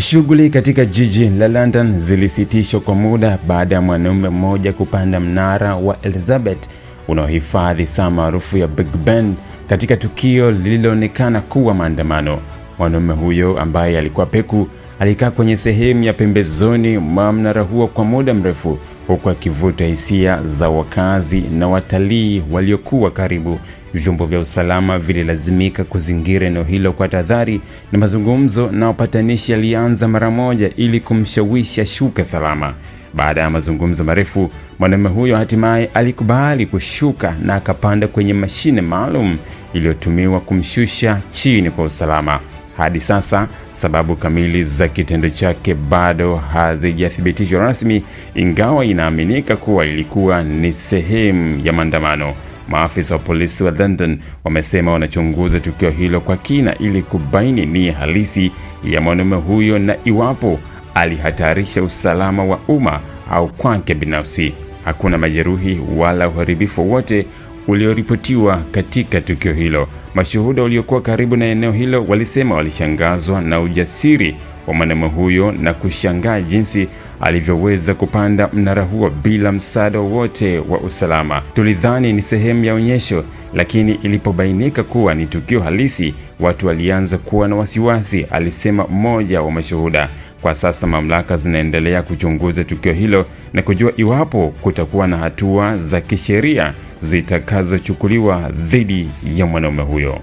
Shughuli katika jiji la London zilisitishwa kwa muda baada ya mwanaume mmoja kupanda mnara wa Elizabeth unaohifadhi saa maarufu ya Big Ben katika tukio lililoonekana kuwa maandamano. Mwanaume huyo ambaye alikuwa peku alikaa kwenye sehemu ya pembezoni mwa mnara huo kwa muda mrefu huku akivuta hisia za wakazi na watalii waliokuwa karibu. Vyombo vya usalama vililazimika kuzingira eneo hilo kwa tahadhari, na mazungumzo na wapatanishi yalianza mara moja ili kumshawishi ashuke salama. Baada ya mazungumzo marefu, mwanaume huyo hatimaye alikubali kushuka na akapanda kwenye mashine maalum iliyotumiwa kumshusha chini kwa usalama. Hadi sasa sababu kamili za kitendo chake bado hazijathibitishwa rasmi, ingawa inaaminika kuwa ilikuwa ni sehemu ya maandamano. Maafisa wa polisi wa London wamesema wanachunguza tukio hilo kwa kina ili kubaini ni halisi ya mwanaume huyo na iwapo alihatarisha usalama wa umma au kwake binafsi. Hakuna majeruhi wala uharibifu wowote ulioripotiwa katika tukio hilo. Mashuhuda waliokuwa karibu na eneo hilo walisema walishangazwa na ujasiri wa mwanaume huyo na kushangaa jinsi alivyoweza kupanda mnara huo bila msaada wowote wa usalama. Tulidhani ni sehemu ya onyesho, lakini ilipobainika kuwa ni tukio halisi, watu walianza kuwa na wasiwasi, alisema mmoja wa mashuhuda. Kwa sasa mamlaka zinaendelea kuchunguza tukio hilo na kujua iwapo kutakuwa na hatua za kisheria zitakazochukuliwa dhidi ya mwanaume huyo.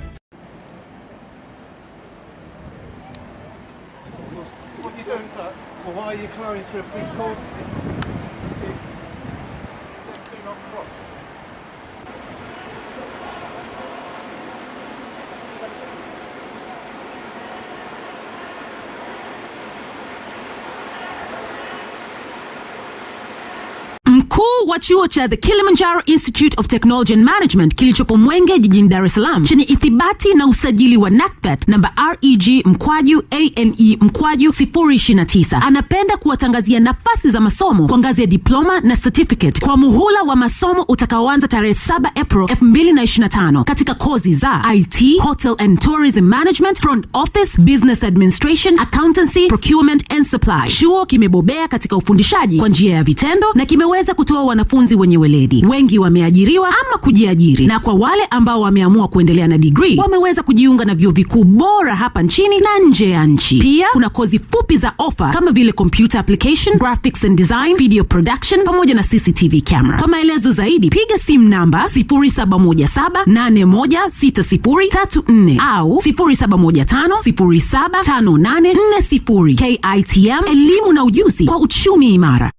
Mkuu wa chuo cha The Kilimanjaro Institute of Technology and Management kilichopo Mwenge jijini Dar es Salaam chenye ithibati na usajili wa NACPET namba REG mkwaju ANE mkwaju 029 anapenda kuwatangazia nafasi za masomo kwa ngazi ya diploma na certificate kwa muhula wa masomo utakaoanza tarehe 7 April 2025 katika kozi za IT, Hotel and Tourism Management, Front Office, Business Administration, Accountancy, Procurement and Supply. Chuo kimebobea katika ufundishaji kwa njia ya vitendo na kime kuweza kutoa wanafunzi wenye weledi, wengi wameajiriwa ama kujiajiri, na kwa wale ambao wameamua kuendelea na digrii wameweza kujiunga na vyuo vikuu bora hapa nchini na nje ya nchi. Pia kuna kozi fupi za ofa kama vile computer application, graphics and design, video production pamoja na CCTV camera. Kwa maelezo zaidi piga simu namba 0717816034 au 0715075840. KITM, elimu na ujuzi kwa uchumi imara.